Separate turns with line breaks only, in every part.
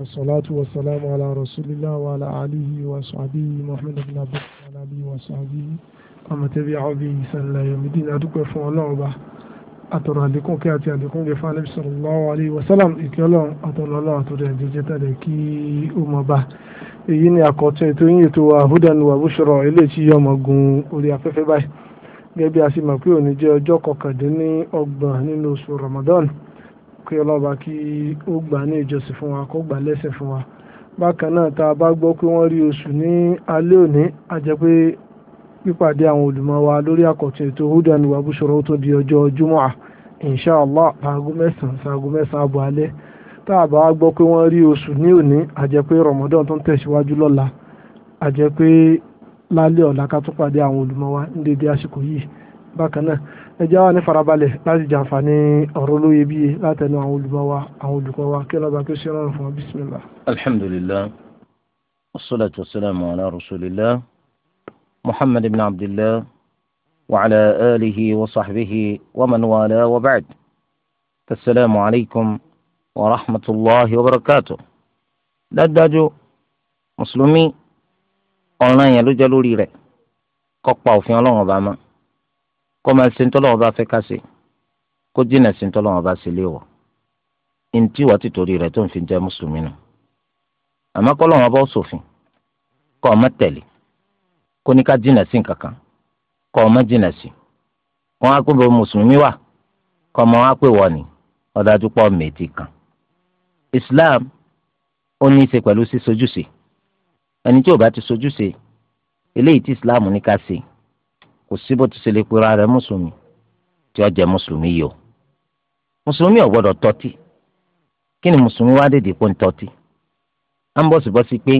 wasalaatu wasalaamu ala rasulillah wa ala alihi wa sahbihi muhammed bin abdul ala alihi wa sahbihi amatabi ahobi sallallahu alayhi wa sallam adúpẹ́ fún Ọlọ́run ba atọrọ àlékún kí àti àlékún kí fún anabi sallallahu alayhi wa sallam ìkẹ́ Ọlọ́run atọrọ Ọlọ́run àtọrọ ẹjẹjẹ tàdé kí ó mọ bá èyí ni àkọtọ ètò yín ètò àhúdànù àbúṣọrọ eléyìí yọ ọmọ gun orí afẹ́fẹ́ báyìí gẹ́gẹ́ bí a sì mọ̀ pé òní jẹ́ ọjọ́ kọkàndínlọ́gbọ̀n nínú oṣù ramadan kí ọlọ́ba kí ó gbà ní ìjọsìn fún wa kó gbà lẹ́sìn fún wa bákan náà tá a bá gbọ́ pé wọ́n rí oṣù ní alẹ́ òní a jẹ́ pé pípàdé àwọn olùmọ̀ wa lórí àkọ́tún ètò hudan wa bushra tó di ọjọ́ mẹ́sàn-án mẹ́sàn-án alẹ́ tá a bá gbọ́ pé wọ́n rí oṣù ní òní a jẹ́ pé tó ń tẹ̀síwájú lọ́la a jẹ́ pé lálẹ́ ọ̀la ká tún pàdé àwọn olùmọ̀ wa dédé àsìkò yìí bákan náà ẹjẹ́ wa ní farabalẹ̀ láti jàǹfààní ọ̀rọ̀ olóye bíi látẹnu àwọn olùmọ̀ wa àwọn olùkọ́ wa kí ọlọ́ba kí ó ṣe rọrùn fún wa bísímìlá.
alhamdulillah wasalaatu wasalaamu ala rasulillah muhammad ibn abdillah wa ala alihi wa sahbihi wa man wala wa ba'd asalaamu alaykum wa rahmatulahi wa barakatuh dájúdájú mùsùlùmí ọ̀ràn yẹn ló jẹ́ lórí rẹ̀ kó pa òfin ọlọ́run ọba mọ́ kó máa ṣe ntọ́lọ́wọ́ bá fẹ́ ká ṣe kó jìnnà sí ntọ́lọ́wọ́ bá ṣe léwọ̀ ntí wàá ti torí rẹ̀ tó ń fi jẹ́ mùsùlùmí nù àmọ́ kọ́ lọ́wọ́ bá sòfin kọ́ ọ má tẹ̀lé kó ní ká jìnnà sí nkankan kọ́ ọ jìnnà sí wọn á pé bọ́ mùsùlùmí wà kọ́ ọmọ wa pé wọ́n ọ̀dájú pọ̀ mẹ́tì kan Islam ó ní í ṣe pẹ̀lú sísojúṣe ẹni tí ò bá ti sojúṣe eléyìí tí Islam ní ká ṣe kò sí bó ti ṣe lè pera rẹ̀ mùsùlùmí tí ó jẹ́ mùsùlùmí yìí o mùsùlùmí ò gbọ́dọ̀ tọ́tí kí ni mùsùlùmí wá dèdè pé ń tọ́tí à ń bọ̀sibọ́sí pé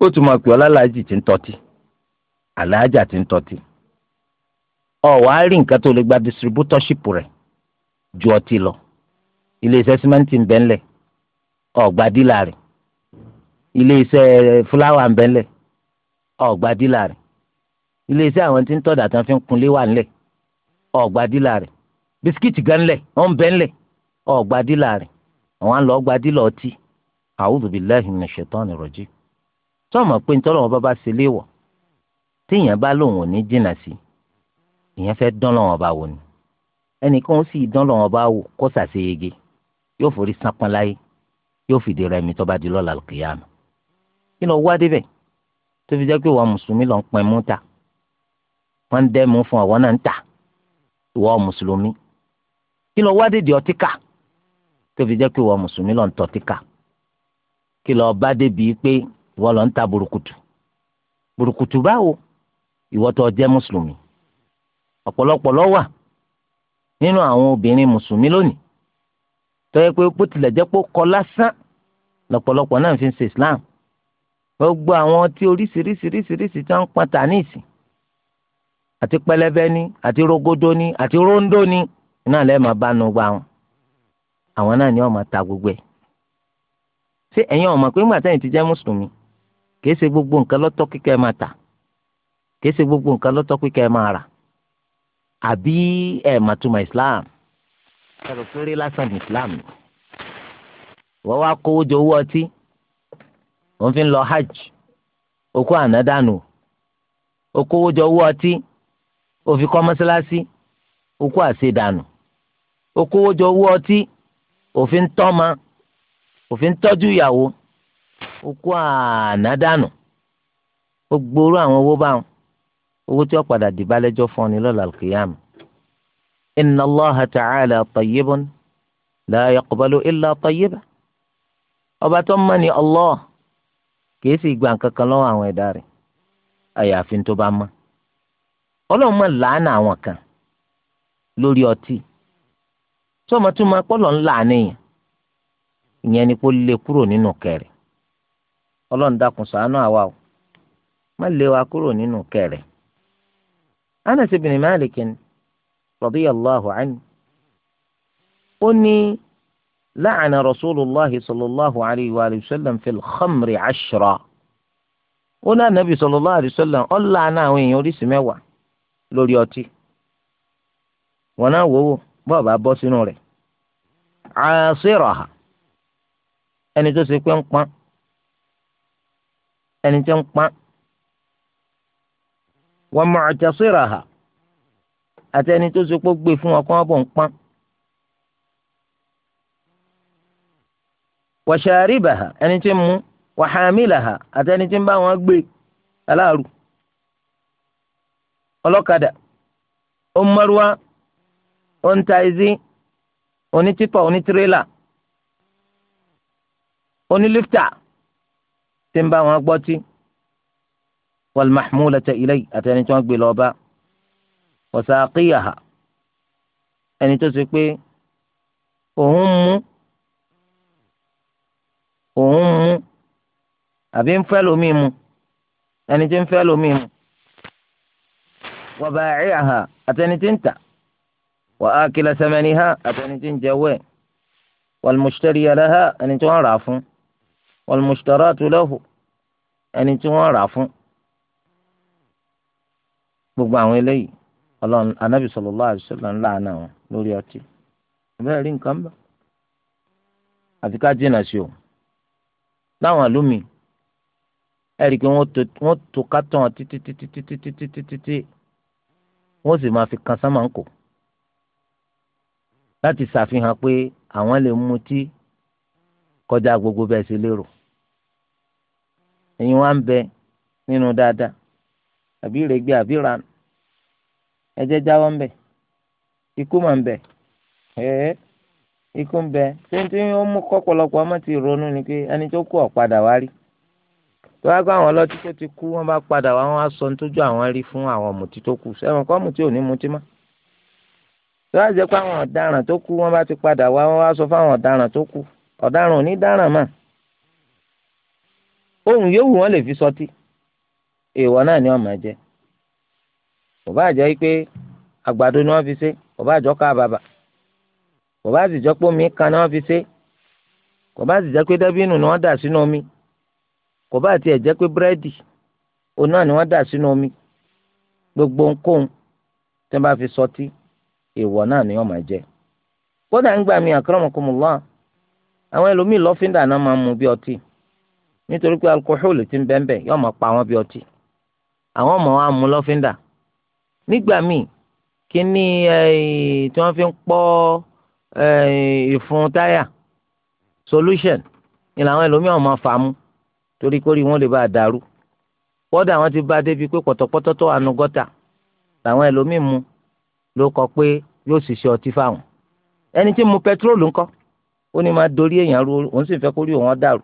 ó tún máa pè ọ́ lálàájì tí ń tọ́tí àlàájà tí ń tọ́tí ọ̀ wá rí nǹkan tó lè gba distributorship rẹ̀ ju ọtí lọ iléeṣẹ́ símẹ́ǹtì ń bẹ́ńlẹ̀ ọ̀gbà dílà rẹ̀ iléeṣẹ́ fúláwà ń bẹ́ńlẹ̀ ọ̀gbà dílà rẹ̀ iléeṣẹ́ àwọn tí ń tọ̀dà tán fi ń kunlé wà ńlẹ̀ ọ̀gbà dílà rẹ̀ bisikíìtì gan ńlẹ̀ wọ́n bẹ́ ńlẹ̀ ọ̀gbà dílà rẹ̀ àwọn àlọ́ ọ̀gbà dílà ọtí a'udhu billahi minash shaitani rajim sọ́ọ̀mọ̀ pé ntọ́lọ́wọ́n bá bá ṣe léwọ̀ téèyàn bá lòun ò ní jìnnà sí ìyẹn fẹ́ dán lọ́wọ́n bá wò ni ẹnìkan ó sì dán lọ́wọ́n bá wò kó ṣàṣeyege yóò forí sápọn láyé yóò fìdí rẹmi tó bá di lọ́la kìyàmù kí ni ó wá débẹ̀ tó fi jẹ́ pé wọ́n mùsùlùmí lọ́n pẹ́ mú ta wọ́n ń dẹ́mu fún àwọn náà ń tà ìwọ mùsùlùmí kí ló wá dédìí ọtí kà tó fi jẹ́ pé ìwọ mùsùlùmí ló ń tọ́ ọtí kà kí ló bá débi pé ìwọ ló ń ta burúkutu burúkutu báwo ìwọ tó jẹ́ mùsùlùmí ọ̀pọ̀lọpọ̀ ló wà nínú àwọn obìnrin mùsùlùmí lónìí tó pé bó tilẹ̀ jẹ́ pé ó kọ lásán lọ́pọ̀lọpọ̀ náà fi ń ṣe Islam gbogbo àwọn tí oríṣiríṣiríṣiríṣi tí wọ́n ń pọn tà ní ìsìn àti pẹlẹbẹ ní àti rogodo ní àti rondo ní náà lẹ́ẹ̀ máa bá nu gba wọn àwọn náà ni wọn máa ta gbogbo ẹ̀ ṣé ẹ̀yin ọ̀mọ̀ pé ńgbà tẹ́yìn ti jẹ́ mùsùlùmí kìí ṣe gbogbo nǹkan lọ́tọ́ kíkẹ́ máa tà kìí ṣe gbogbo nǹkan lọ́tọ́ kíkẹ́ máa rà àbí ẹ̀ màtúmọ̀ Islam ẹ̀rọ péré lásán ní Islam wọ́n wá kówó jọ owó ọtí wọ́n fi ń lọ hajj okó ànádànù okówó jọ owó ọtí òfin kọ́ mọ́sálásí okó àṣedànù okówójọ owó ọtí òfin tọ́mọ òfin tọ́jú ìyàwó okó ànádànù gbogbo orú àwọn owó báwọn owó tí wọ́n padà dìbà lẹ́jọ́ fún ni lọ́la alkiyama inna allaha ta'ala tayyibun la yaqbalu illa tayyiba ọba tó mọ̀ ní allah kìí sì gba nǹkan kan lọ́wọ́ àwọn ẹ̀dá rẹ̀ àyàfi tó bá mọ̀ ọlọ́run máa làánà àwọn kan lórí ọtí tí ọmọ tó máa pọ́lọ̀ ń làánìyàn ìyẹn ni kó lé kúrò nínú kẹrẹ ọlọ́run dákun ṣàánú àwa o má lé wa kúrò nínú kẹrẹ. Anas ibn Malik radiyallahu anhu ó ní la'ana rasulullahi sallallahu alayhi wa sallam fil khamri ashra ó ní anabi sallallahu alayhi wa sallam ó làánà àwọn èèyàn oríṣi mẹ́wàá lórí ọtí wọn náà wò wò bọ́ọ̀ bá bọ́ sínú rẹ̀ àṣírọ̀hà ẹni tó ṣe pé ń pọ́n ẹni tó ń pọ́n wọ́n mọ̀ àṣírọ̀hà àti ẹni tó ṣe pé gbé fún ọkàn ọ̀bọ̀ ń pọ́n. wàṣàríbàhà ẹni tí ń mú wàhàmìlàhà àti ẹni tí ń bá wọn gbé aláàrú ọlọ́kadà ó ń mọ́rúwá ó ń ta ẹzí onítìpọ̀ onítìrẹ́là onílífítà tí ń bá wọn gbọ́ tí wàlmàḥmúlata ilẹ̀ àtẹni tí wọ́n gbé lọ́ọ́ bá wọ́sàkíyàhà ẹni tó ṣe pé òun mú òun mú àbí ń fẹ́ lómi mu ẹni tí ń fẹ́ lómi mu wa baa'i'aha àtẹni tí ń tà wa akila samaniha àtẹni tí ń jẹwẹ́ wal mushtariya laha ẹni tí wọ́n rà fún wal mushtaratu lahu ẹni tí wọ́n rà fún gbogbo àwọn eléyìí ọlọ́run anabi sallallahu alaihi wasallam làánà wọn lórí ọtí bẹ́ẹ̀ rí nǹkan bá àfi ká jìnnà sí o láwọn àlùmí ẹ̀rí pé wọ́n to kátàn títí títí títí títí títí wọ́n sì máa fi kan sámàǹkò láti ṣàfihàn pé àwọn lè tí kọjá gbogbo bẹ́ẹ̀ sí lérò ẹ̀yin wá ń bẹ nínú dáadáa àbí ìrẹ́gbẹ́ àbí ìranù ẹ̀jẹ̀ jáwọ́ ń bẹ ikú mà ń bẹ ẹ̀ẹ́ ikú ń ṣé tí mú kọ́pọ̀lọpọ̀ ọmọ ti ronú ni pé ẹni tó tó wá gbọ́ àwọn ọlọ́tí tó ti kú wọ́n bá padà wá wọ́n á sọ nítòjú àwọn rí fún àwọn ọ̀mùtí tó kù sẹ́wọ̀n kọ́ ọ̀mùtí ò ní mutí mọ́ tó wá jẹ́ pé àwọn ọ̀daràn tó kú wọ́n bá ti padà wá wọ́n á sọ fáwọn ọ̀daràn tó kù ọ̀daràn ò ní dáràn mà ohun yòówù wọ́n lè fi sọtí èèwọ̀ náà ni ọ̀mà jẹ́ kò bá jẹ́ pé àgbàdo ni wọ́n fi ṣe kò bá jọ ká bàbà kò bá sì jọ pé omi kan ni wọ́n fi ṣe kò bá sì jẹ́ pé dẹ́bínù ni wọ́n dà sínú omi kò bá tiẹ̀ jẹ́ pé búrẹ́dì òun náà ni wọ́n dà sínú omi gbogbo nkóhun tí wọ́n bá fi sọtí èèwọ̀ náà ni wọ́n máa jẹ. kódà ń gbà mí akramakumullah àwọn ẹlòmíì lọ́fíńdà náà máa ń mu bí ọtí nítorí pé alkohol ti ń bẹ́ńbẹ́ yóò máa pa wọ́n bí ọtí àwọn ọmọ wa mu lọ́fíńdà nígbà míì kí tí wọ́n fi ń pọ́ ìfun táyà solution ni làwọn ẹlòmíì ọmọ fàámu torí kórìí wọn lè bá a dàrú kódà wọn ti bá a débi pé pọ̀tọ̀pọ̀tọ̀ tó àánú gọ́tà làwọn ẹlòmíín mu ló kọ pé yóò ṣiṣẹ́ ọtí fáwọn ẹni tí mu pẹtrólù ńkọ́ ó ní máa dorí èèyàn ru òun sì fẹ́ kórìí òun dàrú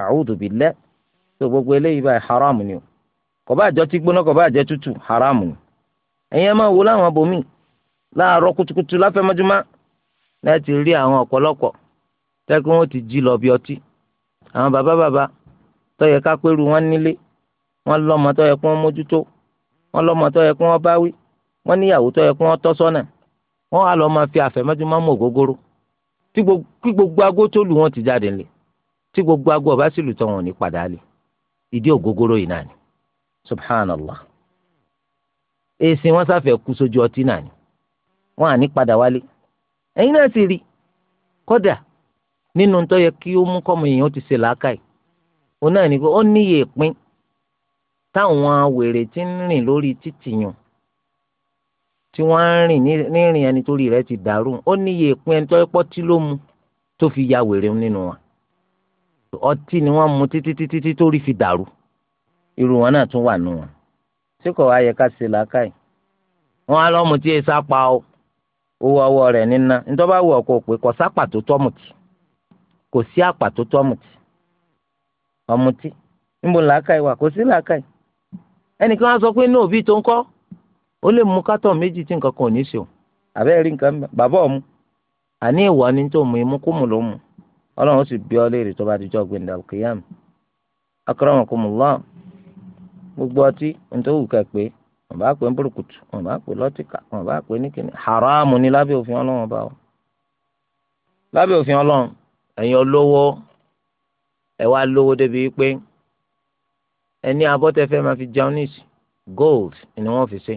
a'udhu billah tó gbogbo eléyìí báyìí haram ni o kò bá jẹ́ ọtí gbóná kò bá jẹ́ tútù haram ni ẹ̀yin ẹ máa wo láwọn abòmíì láàárọ̀ kùtùkùtù láfẹ̀mọ́júmọ́ láti rí àwọn ọ̀pọ̀lọpọ̀ tẹ́kí wọ́n ti jí lọ bí ọtí àwọn bàbá bàbá tọ́yẹ ká pẹ́rù wọn nílé wọn lọ́mọ tọ́yẹ kí wọ́n mójútó wọn lọ́mọ tọ́yẹ kí wọ́n báwí wọn níyàwó tọ́yẹ kí wọ́n tọ́ sọ́nà wọn wà lọ́ọ́ máa fi àfẹ́mẹ́jú máa mú ògógóró tí gbogbo ago tó lù wọn ti jáde lè tí gbogbo ago ọba sì lù tọ́ wọn ní padà lè ìdí ògógóró yìí náà ni subhanallah èsì wọn sáfẹ́ kú sójú ọtí náà ni wọn à ní padà wálé ẹ̀yin náà sì rí kódà nínú tó kí ó mú kọ́mọ èèyàn ó ti ṣe làákàyè òun ni pé ó níye ìpín táwọn wèrè ti ń rìn lórí títì yàn tí wọ́n ń rìn ní ìrìn ẹni torí rẹ̀ ti dàrú ó níye ìpín ẹni tó pọ́ tí ló mu tó fi ya wèrè nínú wọn ọtí ni wọ́n mu títí títí tí tó rí fi dàrú irú wọn náà tún wà nù wọn tí kò wá yẹ ká ṣe làákàyè wọn á lọ́mù tí èsà pa o owó ọwọ́ rẹ̀ nínà nítorí wọ́n wọ̀ kó pé kò sápà tó tọ́mùtì kò sí àpà tó tọ́mùtì ọ̀mùtí níbo làákàyè wà kò sí làákàyè ẹnìkan á sọ pé ní òbí tó ń kọ́ ó lè mú kátọ̀ méjì tí nǹkan kan ò ní ṣe o àbẹ́ rí nǹkan bàbá ọ̀mu àní ìwà ni tó mú imú kó mú ló mú ọlọ́run sì bí ọ léèrè tó bá dijọ́ gbẹ̀ndà òkèèyàn akramakumullah gbogbo ọtí nítorí wù ká pé wọn bá pè ń burúkutu wọn bá pè lọtíkà wọn bá pè níkìní haramu ni lábẹ́ òfin ọlọ́run bá wọn lábẹ́ òfin ọlọ́run ẹ̀yin olówó ẹ wá lówó débi pé ẹ ní abọ́ tẹ fẹ́ máa fi jẹun gold ni wọ́n fi ṣe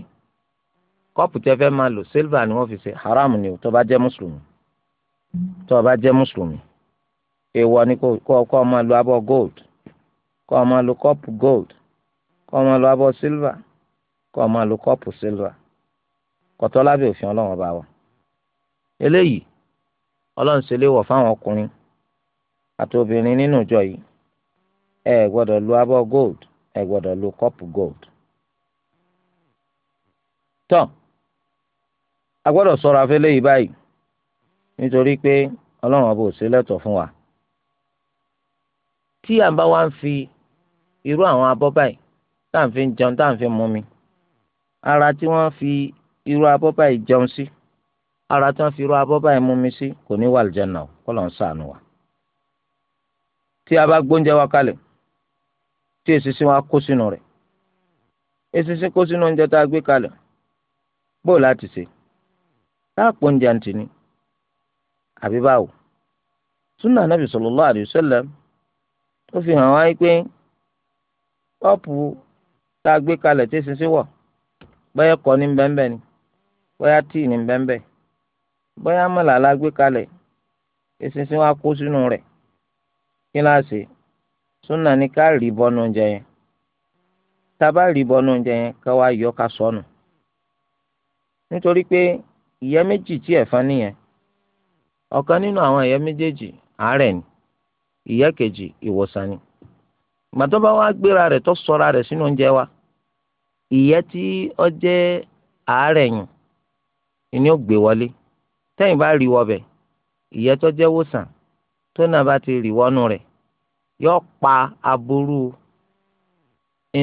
kọ́ọ̀pù tẹ fẹ́ máa lò silver ni wọ́n fi ṣe haram ni o tó bá jẹ́ mùsùlùmí tó bá jẹ́ mùsùlùmí èèwọ̀ ni kó máa lo abọ́ gold kó máa lo kọ́ọ̀pù gold kó máa lo abọ́ silver kó máa lo kọ́ọ̀pù silver kọ̀tọ́ lábẹ́ òfin ọlọ́run ọba wa eléyìí ọlọ́run ṣe léwọ̀ fáwọn ọkùnrin àti obìnrin nínú ìjọ yìí ẹ gbọ́dọ̀ lu abọ́ gold ẹ gbọ́dọ̀ lu kọ́pù gold. tọ́ a gbọ́dọ̀ sọ̀rọ̀ afẹ́lẹ́ yìí báyìí nítorí pé ọlọ́run ọba ò sí lẹ́tọ̀ fún wa. tí à ń bá wá ń fi irú àwọn abọ́ báyìí tá à ń fi jẹun tá à ń fi mú mi ara tí wọ́n fi irú abọ́ báyìí jẹun sí ara tí wọ́n fi irú abọ́ báyìí mú mi sí kò ní wà lìjẹ́ náà kọ́ ló ń wa tí a bá gbóúnjẹ wa kalẹ̀ tí eṣinṣin wa kó sínú rẹ̀ eṣinṣin kó sínú oúnjẹ tá a gbé kalẹ̀ bó láti ṣe táàpù oúnjẹ àǹtí ni àbí báwo súnà anábì sallallahu alaihi wasallam ó fi hàn wá pé kọ́ọ̀pù tá a gbé kalẹ̀ tí eṣinṣin wọ̀ bóyá kọ́ ní bẹ́ńbẹ́ ni bóyá tíì ní bẹ́ńbẹ́ bóyá mọ̀lá la gbé kalẹ̀ eṣinṣin wa kó sínú rẹ̀ kíláàsì súnà ni ká rí bọ́nú oúnjẹ yẹn tábà rí bọ́nú oúnjẹ yẹn ká wá yọ ká sọnù nítorí pé ìyẹ́ méjì tí nìyẹn ọ̀kan nínú àwọn méjèèjì àárẹ̀ ni kejì ìwòsàn ni gbéra rẹ̀ tó sọra rẹ̀ sínú oúnjẹ wa tí jẹ́ àárẹ̀ ni ó gbé wọlé tẹ́yìn bá rí ti rí wọnú rẹ̀ yóò pa aburú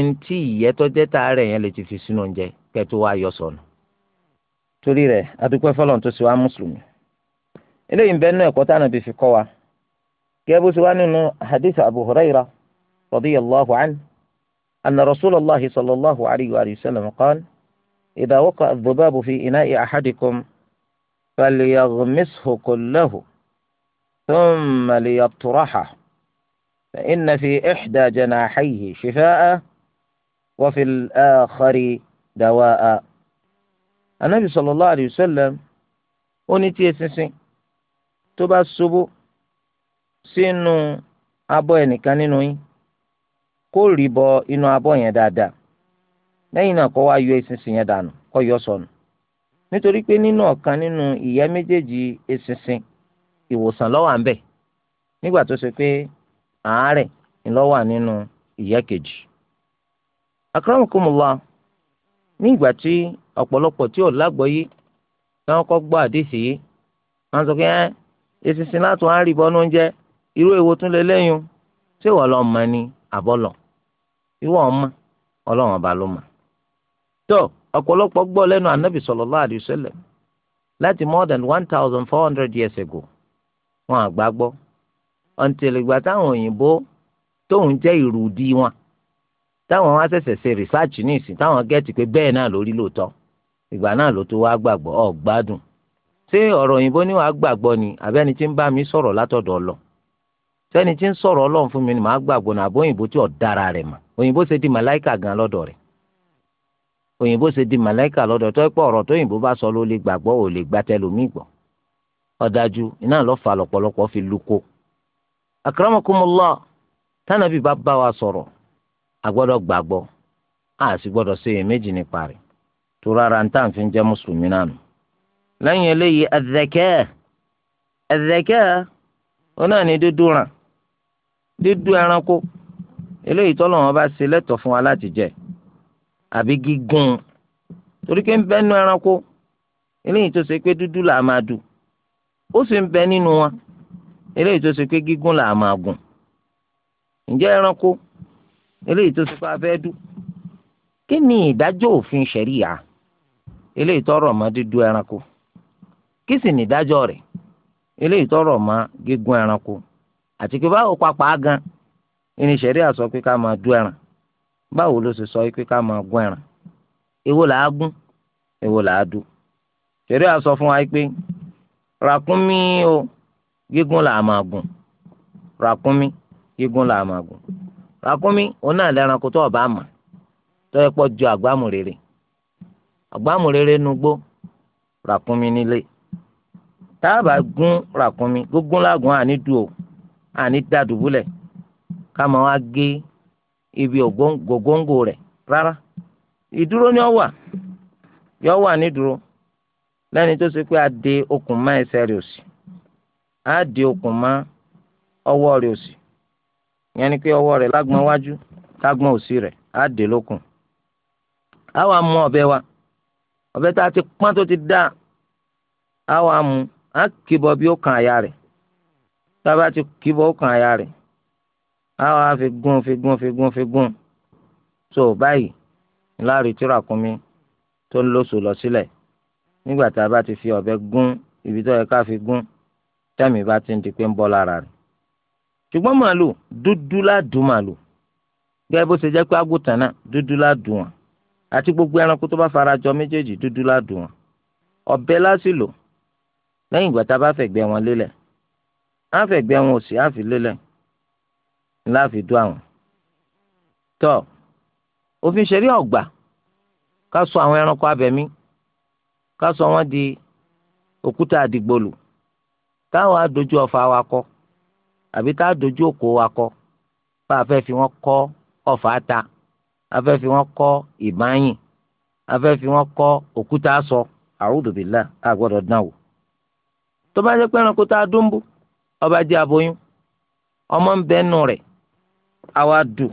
ntí ìyẹ́tọ́jẹ́ tá a rẹ̀ yẹn lè ti fi sínú oúnjẹ kẹ́tó wá yọ sọnù. torí rẹ̀ adúpẹ́ fọlọ́n tó ṣe wá mùsùlùmí eléyìí ń bẹ́ẹ̀ nú ẹ̀kọ́ tá Ànábì fi kọ́ wa gẹ́gẹ́ bó ṣe wá nínú hadith Abu Hurayra radiyallahu anhu anna rasulallah sallallahu alayhi wa sallam qaal idha waqa adh-dhubabu fi ina'i ahadikum falyaghmishu kullahu thumma liyatrahahu. فإن في إحدى جناحيه شفاء وفي الآخر دواء النبي صلى الله عليه وسلم ونتي سنسن تبا السبو sínú abọ́ ẹnìkan nínú yín kó rì bọ inú abọ́ yẹn dáadáa lẹ́yìn náà kó wá yọ eṣinṣin yẹn dànù kó yọ sọnù nítorí pé nínú ọ̀kan nínú ìyẹ́ méjèèjì eṣinṣin ìwòsàn ló wà ńbẹ̀ nígbà tó ṣe pé àárẹ̀ wà nínú ìyá kejì. akramakumullah ní ìgbà tí ọ̀pọ̀lọpọ̀ tí ò lágbọ́yé náà kọ́ gbọ́ àdéhìí yìí wọ́n sọ pé ẹ́ eṣinṣin láti wọ́n á rí oúnjẹ irú èwo tún lè lẹ́yìn ṣé wọ́n lọ mọ ọba ló mọ̀. tó ọ̀pọ̀lọpọ̀ gbọ́ lẹ́nu láti more than ago wọ́n àgbà gbọ́ ọ̀ǹtẹ̀lẹ̀ ìgbà táwọn òyìnbó tóun jẹ́ ìrùdí wọn táwọn wá ṣẹ̀ṣẹ̀ ṣe rìsáàcì ní ìsìn táwọn gẹ́ẹ̀tì pé bẹ́ẹ̀ náà lórí lóòótọ́ ìgbà náà ló tó wá gbàgbọ́ ọ̀ gbádùn ṣé ọ̀rọ̀ òyìnbó ni wàá gbàgbọ́ ni àbẹ́ni tí ń bá mi sọ̀rọ̀ látọ̀dọ̀ lọ sẹ́ni tí ń sọ̀rọ̀ ọlọ́run fún mi ni màá gbàgbọ́ ni àbọ̀ òyìnbó tí ò dára rẹ̀ mà òyìnbó ṣe di màláìkà gan lọ́dọ̀ rẹ̀ òyìnbó ṣe di màláìkà lọ́dọ̀ tó pọ̀ ọ̀rọ̀ tóyìnbó bá sọ ló lè gbàgbọ́ ò lè gbàtẹ́lómi gbọ́ ọ̀dájú iná lọ́ọ́ fà lọ́pọ̀lọpọ̀ fi lukó akramakumullah tánàbí bá bá wa sọ̀rọ̀ a gbọ́dọ̀ gbàgbọ́ a sì gbọ́dọ̀ ṣe èméjì nípa rẹ̀ tó rárá ń tàn fi ń jẹ́ mùsùlùmí náà nù. lẹ́yìn eléyìí ẹ̀dẹ̀kẹ́ ẹ̀dẹ̀kẹ́ ó náà ní dúdú ràn dúdú ẹranko eléyìí tọ́lọ̀ wọn bá ṣe lẹ́tọ̀ fún wa láti jẹ àbí gígùn torí pé ń bẹ nínú ẹranko eléyìí tó ṣe pé dúdú là máa dù ó sì ń bẹ nínú wọn eléyìí tó ṣe pé gígùn là máa gùn ǹjẹ́ ẹranko eléyìí tó ṣe pé abẹ́ dú kí ni ìdájọ́ òfin ṣẹ̀ríyà eléyìí tọrọ mọ́ dídú ẹranko kí sì ni ìdájọ́ rẹ̀ eléyìí tọrọ mọ́ gígùn ẹranko àti pé báwo á gan ẹni sọ pé ká máa dú ẹran báwo ló ṣe sọ pé ká máa gún ẹran èwo là á gún èwo là á dú sọ fún wa pé ràkúnmí o. gígùn là á máa gùn ràkúnmí gígùn là á máa gùn ràkúnmí òun náà lẹ́ranko tó ọba àmà tó yẹ pọ̀ ju àgbámù rere àgbámù rere nugbó ràkúnmí nílé táàbà gún ràkúnmí gúngún làgùn àní du o àní dàdúbúlẹ̀ ká máa wá gé ibi ògóńgò rẹ̀ rárá ìdúró ni ó wà yọ wà nídúró lẹ́ni tó ṣe pé a de okùn mọ́ ẹsẹ̀ rẹ̀ òsì á di okùn mọ́ ọwọ́ rẹ̀ òsì yẹn ni pé ọwọ́ rẹ̀ lágbọ̀n wájú tágbọ̀n òsì rẹ̀ á dè lókùn. á wàá mú ọ̀bẹ wa ọ̀bẹ tá a ti pọ́n tó ti dá á wàá mú á kìbọ̀ bí ó kan àyà rẹ̀ tá a bá ti kìbọ̀ ó kan àyà rẹ̀ á wàá fi gún fi gún fi gún fi gún tó báyìí láàrin tíra kún mi tó ń lóṣù lọ sílẹ̀ nígbà tá a bá ti fi ọ̀bẹ gún ibi tó yẹ ká fi gún tẹ́mi bá ti ń di pé ń bọ́ lára rẹ̀ ṣùgbọ́n màálù dúdú ládùn màálù gẹ́gẹ́ bó ṣe jẹ́ pé àgùntàn náà dúdú ládùn wọn àti gbogbo ẹranko tó bá farajọ méjèèjì dúdú ládùn wọn ọ̀bẹ lásìlò lẹ́yìn ìgbà tá a bá fẹ̀gbẹ́ wọn lélẹ̀ á fẹ̀gbẹ́ wọn òsì á fi lélẹ̀ ńlá fi dú àwọn. tọ́ òfin ṣẹ̀rí ọ̀gbà ká sọ àwọn ẹranko abẹ̀mí ká sọ wọ́n di òkúta àdìgbòlù táwọn adojú ọfà wa kọ àbí tá a dojú òkò wa kọ bá a fẹ́ fi wọ́n kọ́ ọfà ta a fẹ́ fi wọ́n kọ́ ìbáyìn a fẹ́ fi wọ́n kọ́ òkúta sọ àrùdùbìlà a gbọ́dọ̀ dán wò. tó bá jẹ́ pé ẹranko tá a dún bú ọba jẹ́ aboyún ọmọ ń bẹ nù rẹ̀ àwa dù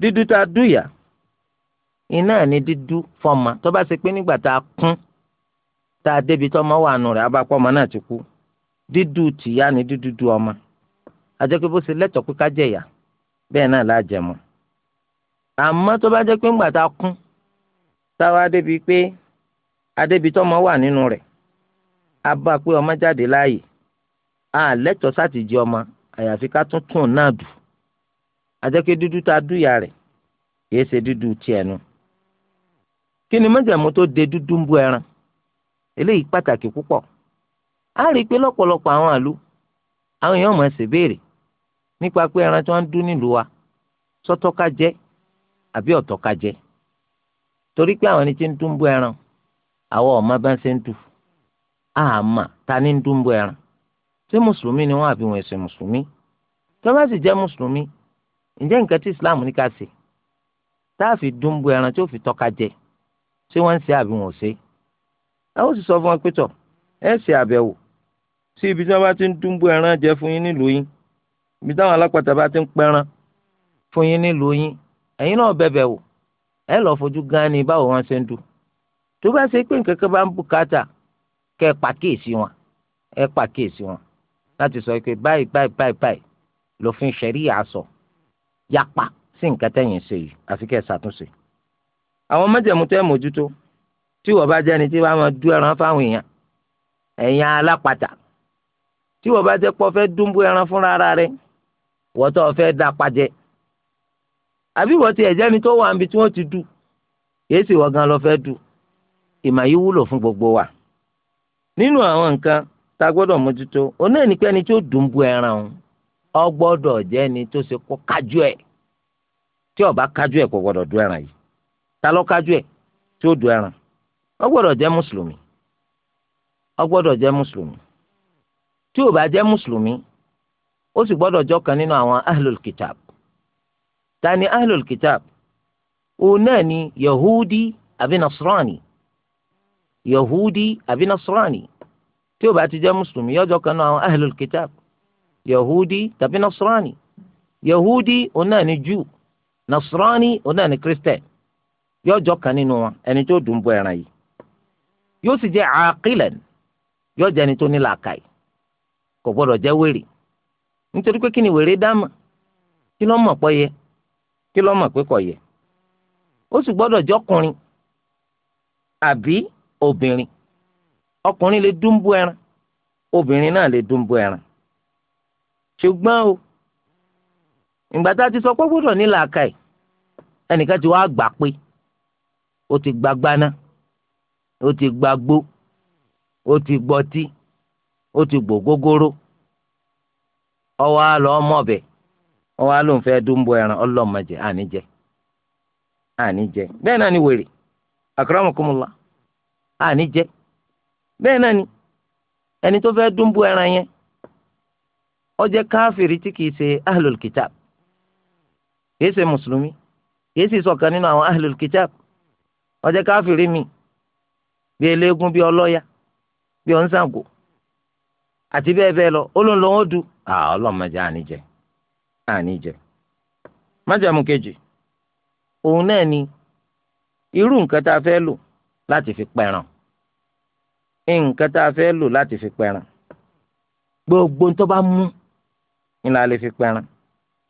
dídú tá a dù yá iná ní dídú fọmọ tó bá ṣe pé nígbà tá a kún tá a débi tọ́ ọmọ wà nù rẹ̀ abápọ̀ ọmọ náà ti kú dídú tìyá ni dídúdú ọmọ àjẹ́ pé bó ṣe pé ká náà la jẹ̀mú. àmọ́ tó bá jẹ́ pé ńgbà tá a kún débi pé adébi ọmọ wà nínú rẹ a pé ọmọ jáde láàyè a lẹ́tọ̀ọ́ sáti jẹ ọmọ àyàfi ká tún tún náà dù pé de dúdú ń eléyìí pàtàkì púpọ̀ a rí i pé lọ́pọ̀lọpọ̀ àwọn àlù àwọn èèyàn máa ṣèbéèrè nípa pé ẹran tí wọ́n ń dún nílùú wa sọ́tọ́ka jẹ́ àbí ọ̀tọ́ka jẹ́ torí pé àwọn ẹni tí ń dún bú ẹran àwọn ọ̀ma bá ń ṣe ń dù àmà ta ni ń dún bú ẹran ṣé mùsùlùmí ni wọ́n àbí wọn ẹ̀sìn mùsùlùmí tí wọ́n bá sì jẹ́ mùsùlùmí ǹjẹ́ nǹkan tí islam ní ká ṣe tá a fi dún bú ẹran tí ó fi tọ́ka jẹ ṣé wọ́n ń ṣe àbí wọn ṣe é àwọn sì sọ fún wọn pé tọ̀ ẹ ṣe àbẹ̀wò sí ibi tí wọ́n bá ti ń dúnbú ẹran jẹ fún yín nílùú yín ibi táwọn alápàtà bá ti ń pẹran fún yín nílùú yín ẹ̀yin náà bẹ̀bẹ̀ wò ẹ lọ́ọ́ fojú gan ni báwo wọ́n ṣe ń dù tó bá ṣe pé nǹkan kan bá ń bùkátà kẹ́ pàkíyèsí wọn ẹ pàkíyèsí wọn láti sọ pé báyìí báyìí báyìí báyìí lòfin ṣẹ̀ríyà sọ yapa sí nǹkan tẹ̀yìn ṣe yìí àfi kẹ́ ẹ ṣàtúnṣe. àwọn májẹ̀mú tẹ́ mójútó tí wọ́n bá jẹ́ni tí wọ́n máa dú ẹran fáwọn èèyàn ẹ̀yàn alápatà tí wọ́n bá jẹ́ pọ́ fẹ́ dúnbú ẹran fúnra ara rẹ, wọ́n tó fẹ́ dá pàjẹ́ àbí wọ́n ti ẹ̀jẹ̀ ni tó wà níbi tí wọ́n ti dù kìí sì wọ́n gan lọ fẹ́ du. ìmọ̀ yìí wúlò fún gbogbo wa nínú àwọn nǹkan tá a gbọ́dọ̀ mójútó oní ẹnikẹ́ni tí ó dùnbú ẹran òun ọ gbọ́dọ̀ jẹ́ ni tó ṣe kó kájú ẹ̀ tí ọba bá kájú ẹ̀ kò gbọ́dọ̀ dù ẹran yìí ta lọ kájú ẹ̀ tí ó du ẹran ó gbọ́dọ̀ jẹ́ mùsùlùmí ó gbọ́dọ̀ jẹ́ mùsùlùmí tí ò bá jẹ́ mùsùlùmí ó sì gbọ́dọ̀ jọ́kan nínú àwọn ahlul kitab ta ni ahlul kitab òun náà ni yahudi àbí nasrani yahudi àbí nasrani tí ò bá ti jẹ́ mùsùlùmí yọjọ́ kan nínú àwọn ahlul kitab yahudi tàbí nasrani yahudi òun náà ni jew nasrani òun náà ni christian yọjọ́ kan nínú wọn ẹni tó dùn bọ ẹran yìí yóò sì jẹ́ àákìlẹ̀ yóò jẹ́ni tó ní làákàyè kò gbọ́dọ̀ jẹ́ wèrè nítorí pé kí ni wèrè dámà kí ló mọ̀ pọ́ yẹ kí ló mọ̀ pé kò yẹ ó sì gbọ́dọ̀ jọkùnrin àbí obìnrin ọkùnrin lè dúnbú ẹran obìnrin náà lè dúnbú ẹran ṣùgbọ́n o ìgbà tá a ti sọ pé gbọ́dọ̀ ní làákàyè ẹnìkan ti wá gbà pé ó ti gbagbá náà ó ti gbagbó ó ti gbọtí ó ti gbògógóró ọwọ́ á lọ mọ̀bẹ ọwọ́ á lóun fẹ́ dúnbọ ẹran ọlọ́mọdé àníjẹ àníjẹ bẹ́ẹ̀ náà ni wèrè àkàràmọ̀kọ́mọ́lá àníjẹ bẹ́ẹ̀ náà ni ẹni tó fẹ́ dúnbọ ẹran yẹn ó káfíìrì tí kìí ṣe ahlul kìí ṣe mùsùlùmí kìí sì sọ̀kan nínú àwọn bí eléégún bí ọlọ́yà bí ọ̀nṣàngó àti bẹ́ẹ̀ bẹ́ẹ̀ lọ olóńlò wọn dù ọlọ́mọdé àníjẹ àníjẹ. májàmú kejì òun náà ni irú nǹkan tá a fẹ́ lò láti fi pẹran nǹkan tá a fẹ́ lò láti fi gbogbo tó bá mú ńlá lè fi pẹran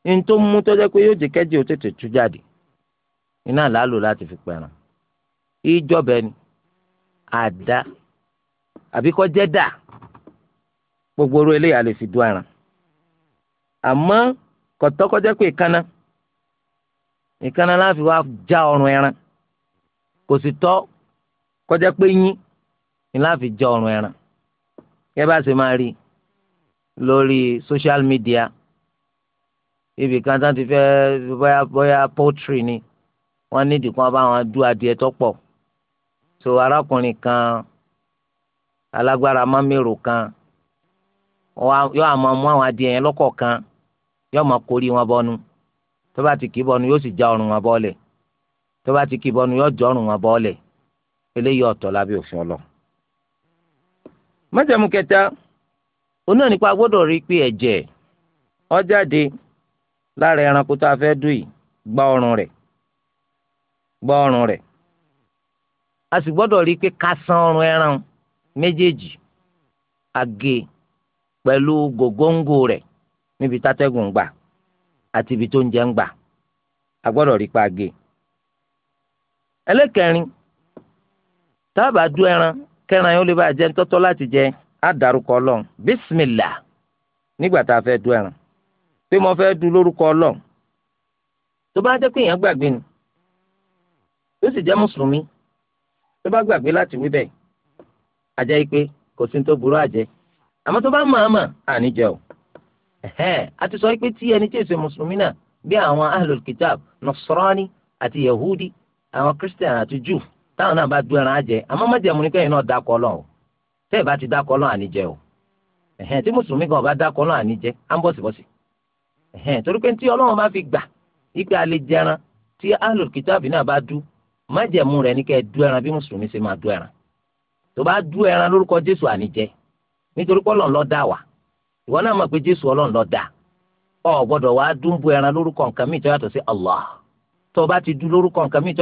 ní tó mú tó pé yóò jẹ́ kẹ́jì ó tètè tú jáde iná làálò láti fi ìjọba ẹni àdá àbí kọ́ jẹ́ dà gbogbo orú eléyà lè fi du àràn àmọ́ kọ̀tọ́kọ́jẹ́ pé ìkànnà ìkànnà láti wá já ọrùn ẹran kò sì tọ́ kọjá pé yín ni láti já ọrùn ẹran yẹ bá ṣe máa rí lórí social media ibì kan tán ti fẹ́ bóyá bóyá poultry ni wọ́n nídìí kan bá wọn dú adìẹ tó pọ̀ so arákùnrin kan alágbára mámẹ́rò kan yóò àmọ́ mú àwọn adìẹ yẹn lọ́kọ̀ọ̀kan yóò máa kórìí wọn bọ́nu tó bá ti kì í bọ́nu yóò sì já ọrùn wọn bọ́ọ̀lẹ̀ tó bá ti kì í bọ́nu yóò jọ ọrùn wọn bọ́ọ̀lẹ̀ eléyìí ọ̀tọ̀ lábẹ́ òfin ọlọ. májàmú kẹta oní nípa gbọ́dọ̀ rí pé ẹ̀jẹ̀ lára ẹranko a fẹ́ dùn yìí ọrùn a sì gbọ́dọ̀ rí i pé ká san ọrùn ẹran méjèèjì àgè pẹ̀lú gògóńgò rẹ̀ níbi tátẹ́gùn gbà àti ibi tó ń jẹ́ ń gbà a gbọ́dọ̀ rí i pé àgè. ẹlẹ́kẹrin táàbà du ẹran kẹran yóò lè bá jẹ́ tọ́tọ́ láti jẹ á dárúkọ ọlọ́run bísímìlà nígbà tá a fẹ́ du ẹran pé mo fẹ́ du lórúkọ ọlọ́run tó bá jẹ́ pé èèyàn gbàgbé ni ó sì jẹ́ mùsùlùmí tó bá gbàgbé láti wí bẹ́ẹ̀ ajá yìí pé kò sí tó burú àjẹ́ àmọ́ tó bá màmá àní o a ti sọ pé tí ẹni tí èso mùsùlùmí náà bí àwọn ahlul kitab nasrani àti yahudi àwọn christian àti jew táwọn náà bá gbé ẹran àjẹ́ àmọ́ májẹ̀mú ni kẹ́yìn náà dákọ Ọlọ́run tẹ́ ẹ̀ bá ti dákọ Ọlọ́run àní jẹ o tí mùsùlùmí kan bá dákọ Ọlọ́run àní jẹ á ń bọ̀sibọ̀si torí pé tí Ọlọ́run bá fi gbà ipe àlejẹran tí ahlul náà bá dú májẹ̀mú rẹ̀ ní kẹ́ ẹ dú ẹran bí mùsùlùmí ṣe máa dú ẹran tó bá dú ẹran lórúkọ jésù àníjẹ nítorí pé ọlọ́run ló dá ọ gbọ́dọ̀ wá ẹran lórúkọ nǹkan míì yàtọ̀ sí allah tó bá ti lórúkọ nǹkan míì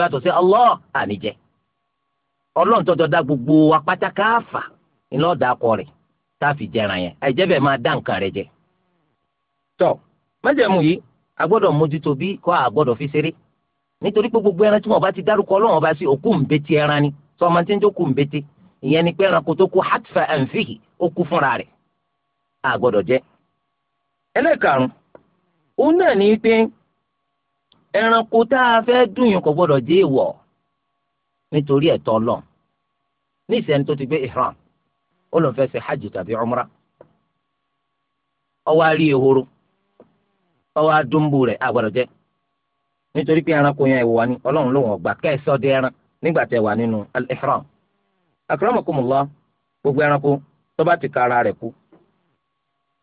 gbogbo wa rẹ̀ tá a fi yẹn àìjẹ́ bẹ́ẹ̀ máa dá nǹkan rẹ̀ jẹ. tọ́ nítorí pé gbogbo ẹran tí wọn bá ti dárúkọ ọlọ́run ọba sí òkú ńbẹ́tì ẹran ni sọ ọmọ tí ń jókòó ńbẹ́tì ìyẹn ni pé ẹranko tó kú hatfa ẹnfìhì ó kú fúnra rẹ̀ a gbọ́dọ̀ jẹ. ẹlẹ́karùn-ún òun náà ní pé ẹranko tá a fẹ́ dùn yín kò gbọ́dọ̀ jẹ́ èèwọ̀ nítorí ẹ̀tọ́ ọlọ́run ní ìsẹ́ni tó ti gbé ihram ó lọ hajj tàbí umra ó wá rí ehoro ó wá rẹ̀ a gbọ́dọ̀ jẹ nítorí pé ẹranko yẹn ìwà ni ọlọ́run ló wọ̀n gbà kẹ́ẹ̀sọ́ dé ẹran nígbà tẹ wà nínú al-ihram akramakumullah gbogbo ẹranko tó bá ti ka ara rẹ̀ kú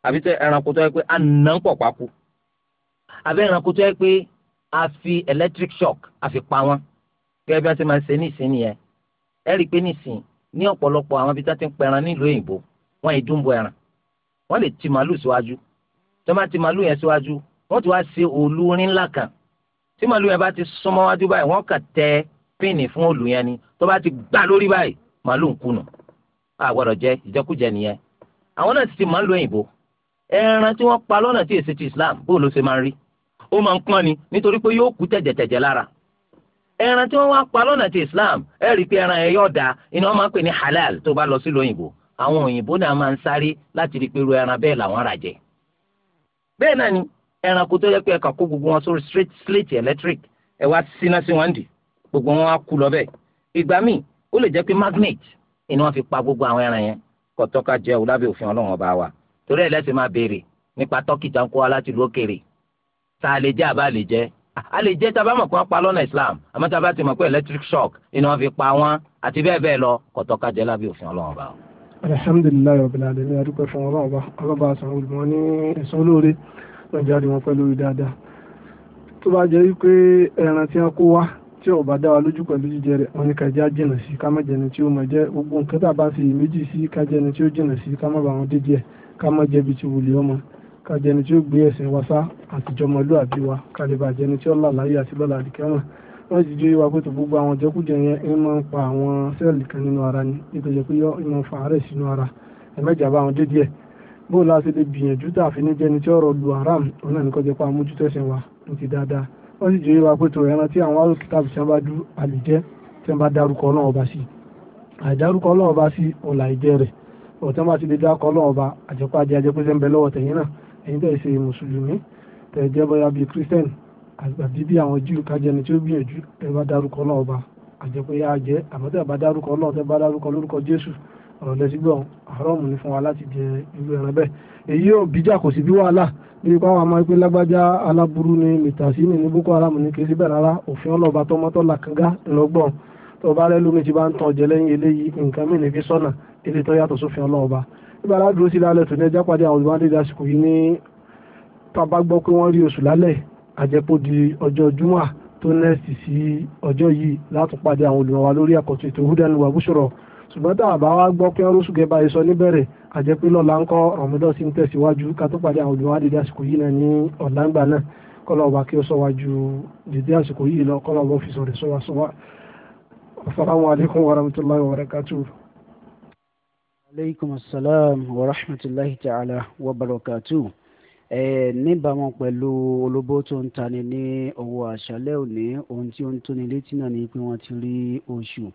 àbí tẹ ẹranko tó yẹ pé àná ń pa kú àbí ẹranko tó yẹ pé a fi electric shock a fi pa wọn gẹ́gẹ́ bí wọ́n ti máa ń ṣe nísìnyí yẹn ẹ rí i pé nísìnyí ní ọ̀pọ̀lọpọ̀ àwọn ibi tá ti ń pẹran nílùú òyìnbó wọ́n yìí dúnbọ̀ ẹran wọ́n lè ti màálù síwájú tó bá ti màálù yẹn síwájú wọ́n ti wá ṣe òòlù orin kan tí màálù yẹn bá ti súnmọ́ wájú báyìí wọ́n kàn tẹ píìnì fún òòlù yẹn ni tó bá ti gbà lórí báyìí màálù ń kùnà àgbọ̀dọ̀ jẹ ìjẹkújẹ nìyẹn àwọn náà ti ti màálù òyìnbó ẹran tí wọ́n pa lọ́nà tí èsì ti Islam bó ló ṣe máa ń rí ó máa ń pọ́n ni nítorí pé yóò kú tẹ̀jẹ̀tẹ̀jẹ̀ lára ẹran tí wọ́n wá pa lọ́nà ti Islam ẹ rí i pé ẹran ẹyọ ọ̀dà iná máa ń pè ní halal tó bá lọ sílùú òyìnbó àwọn òyìnbó náà máa ń sáré láti rí pé irú ẹran bẹ́ẹ̀ làwọn rà jẹ bẹ́ẹ̀ náà ni ẹranko tó yẹ pé ẹ̀ka kó gbogbo wọn sórí straight slate electric ẹ wá síná sí wọn dì gbogbo wọn wá kú lọ bẹ́ẹ̀ ìgbà míì ó lè jẹ́ pé magnet ni wọ́n fi pa gbogbo àwọn ẹran yẹn kò tọ́ka jẹ́ o lábẹ́ òfin ọlọ́run ọba wa torí ẹ̀ lẹ́sìn máa béèrè nípa tọ́kì tá ń kó wa láti ìlú òkèèrè tá a lè jẹ́ àbá lè jẹ́ a lè jẹ́ tá a bá mọ̀ pé wọ́n pa lọ́nà Islam àmọ́ tá a bá ti mọ̀ pé electric shock ni wọ́n fi pa wọ́n àti bẹ́ẹ̀ bẹ́ẹ̀ lọ kò tọ́ka jẹ́ lábẹ́ òfin ọlọ́run ọba wa
alhamdulilayi rabbil alamin adúpẹ́ fún ọlọ́run ọba ọlọ́ba àṣà olùmọ́ ní ẹ̀sán olóore lọ́jàre wọn pẹ́ lórí dáadáa tó bá jẹ́ wípé ẹran tí wọ́n kó wá tí ò bá dá wa lójú pẹ̀lú jíjẹ rẹ̀ wọn ni kàjá jìnà sí ká má jẹni tí ó mọ̀ jẹ́ gbogbo nǹkan tá a bá fi méjì sí ká jẹni tí ó jìnà sí ká má bà wọn dédìẹ ká má jẹbi ti wùlé ọmọ ká jẹni tí ó gbé ẹsẹ̀ wa sá àtijọ́ ọmọlúàbí wa ká lè bà jẹni tí ó là láyé àti lọ́la àdìkẹ́wọ̀n wọ́n ti jẹ́ wa pé tó gbogbo àwọn jẹkújẹ yẹn ń máa ń pa àwọn sẹ́ẹ̀lì kan nínú ara ni nítorí pé yọ ìmọ̀ fàárẹ̀ sínú ara ẹ̀mẹ́jà bá wọn dédìẹ̀ bóò láti lè gbìyànjú tàfi ní jẹni tí ọ̀rọ̀ lu haram òun náà ní kọjá pa amójútó ẹ̀sìn wa ló ti dáadáa wọ́n sì jẹ́ wa pé tòun ẹran tí àwọn arúgbó kìtàbù tí wọ́n bá dú àlùjẹ́ tí wọ́n bá dárúkọ náà ọba sí àìdárúkọ náà ọba sí ọ̀là ìjẹ́ rẹ̀ ọ̀tọ́ bá ti lè dákọ náà ọba àjẹpájẹ àjẹpẹ́sẹ̀ ń bẹ lọ́wọ́ tẹ̀yìn náà ẹ̀yin tẹ̀ ṣe mùsùlùmí tẹ̀ jẹ́ bọ́yá bíi kírísítẹ́nì àgbàdí bí àwọn jíù kájẹni tí ó gbìyànjú ẹ bá dárúkọ náà ọba àjẹpẹ́yà àjẹ àmọ́tẹ́ bá dárúkọ náà tẹ́ bá dárúkọ lórúkọ Jésù ọ̀rọ̀ lẹ́sìgbọ́n àrọ́ọ̀mù ni fún wa láti jẹ irú ẹran bẹ́ẹ̀ èyí ò bíjà kò sí bí wàhálà bí ipá wa máa ń pé lágbájá aláburú ni mìtàsí ni ní boko haram ni kì í síbẹ̀ rárá òfin ọlọ́ọ̀bá tọmọtọ́ làkàngá ńlọgbọ́n tó bá rẹ lómi ti bá ń tan ọ̀jẹ̀ lẹ́yìn eléyìí nǹkan mí nìfi sọ́nà ilé tó yàtọ̀ sófin ọlọ́ọ̀bá nígbà aládùúró sí lálẹ́ tó ẹjá pàdé àwọn olùbádé dasìkò yìí ní tàbá gbọ́ pé wọ́n rí oṣù lálẹ́ àjẹpọ̀ di ọjọ́ júmọ́ tó nẹ́ẹ̀sì sí ọjọ́ yìí látùpàdé àwọn olùmọ̀wá lórí àkọ́tún ètò húdánù wàbúṣọ̀rọ̀ ṣùgbọ́n tá a bá wá gbọ́ pé ọrùn ṣùgẹ́ báyìí sọ níbẹ̀rẹ̀ àjẹpé lọ́la ń kọ́ rọ̀mọdọ́ sí ń tẹ̀síwájú ká tó pàdé àwọn olùwádìí dé àsìkò yìí náà ní ọ̀làǹgbà náà kọ́lọ́ọ̀bà kí ó sọ wájú dèdè àsìkò yìí lọ kọ́lọ́ọ̀bà fi sọ̀rọ̀ sọ wá sọ asalaamu alaykum wa rahmatulahi wa barakatuh. aleykum asalaam
wa rahmatulahi ta'ala wa barakatuh. ẹ níbàámu pẹ̀lú olóbó tó ń tani ní owó àṣálẹ́ òní ohun tí ó ń tóni létí náà ni pé wọ́n ti rí oṣù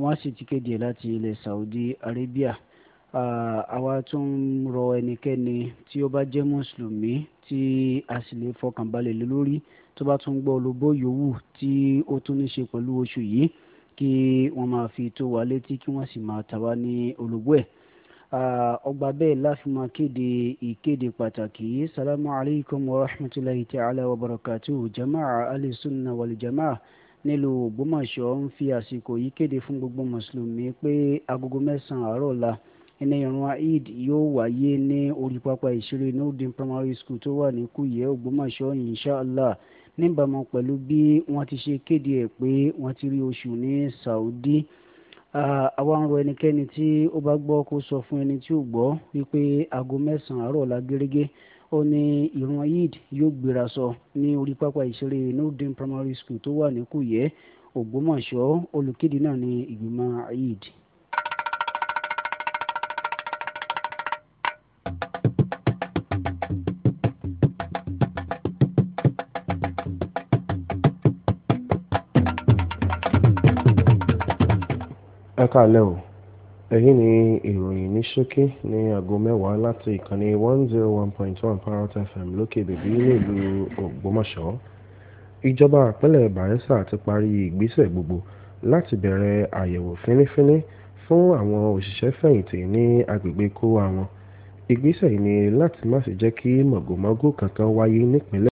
wọ́n sì ti kéde láti ilẹ̀ Saudi Arabia ah, àwa tún ń rọ ẹnikẹ́ni tí ó bá jẹ́ mùsùlùmí tí a sì lè fọkànbalẹ̀ lé lórí tó bá tún gbọ́ olóbó yòówù tí ó tún ní ṣe pẹ̀lú oṣù yìí kí wọ́n máa fi tó wa létí kí wọ́n sì máa tà ní olóbó ẹ̀. Ah, ọgbà bẹ́ẹ̀ láti máa kéde ìkéde pàtàkì salamu alaykum wa rahmatulahi ta'ala wa barakatuhu jama'a alisunnah wal jama'a nílùú Ògbómọ̀ṣọ́ ń fi àsìkò yìí kéde fún gbogbo mùsùlùmí pé agogo mẹ́sàn-án àárọ̀ ọ̀la ẹni ìrun Eid yóò wáyé ní orí pápá ìṣeré Nurdeen Primary School tó wà ní Kúyẹ́ Ògbómọ̀ṣọ́ inshallah níbàámu pẹ̀lú bí wọ́n ti ṣe kéde ẹ̀ pé wọ́n ti rí oṣù ní Saudi àwa ń rọ ẹnikẹ́ni tí ó bá gbọ́ kó sọ fún ẹni tí ò gbọ́ wípé aago mẹ́sàn-án àárọ̀ la gẹ́gẹ́ ó ní ìrun Eid yóò gbéra sọ ní orí pápá ìṣeré Nordin Primary School tó wà ní Kùyẹ́ Ògbómọ̀ṣọ́ olùkéde náà ní ìgbìmọ̀ Eid.
ẹ káàlẹ́ o. èyí ni ìròyìn ní ṣókí ní aago mẹ́wàá láti ìkànnì one zero oh one point one parrot fm lókè bèbí nílùú ògbómọ̀ṣọ́ ìjọba àpẹẹlẹ Bayelsa ti parí ìgbésẹ̀ gbogbo láti bẹ̀rẹ̀ àyẹ̀wò fínífíní fún àwọn òṣìṣẹ́ fẹ̀yìntì ní agbègbè kó àwọn ìgbésẹ̀ yìí ni láti má ṣe jẹ́ kí mọ̀gòmọ́gò kankan wáyé nípìnlẹ̀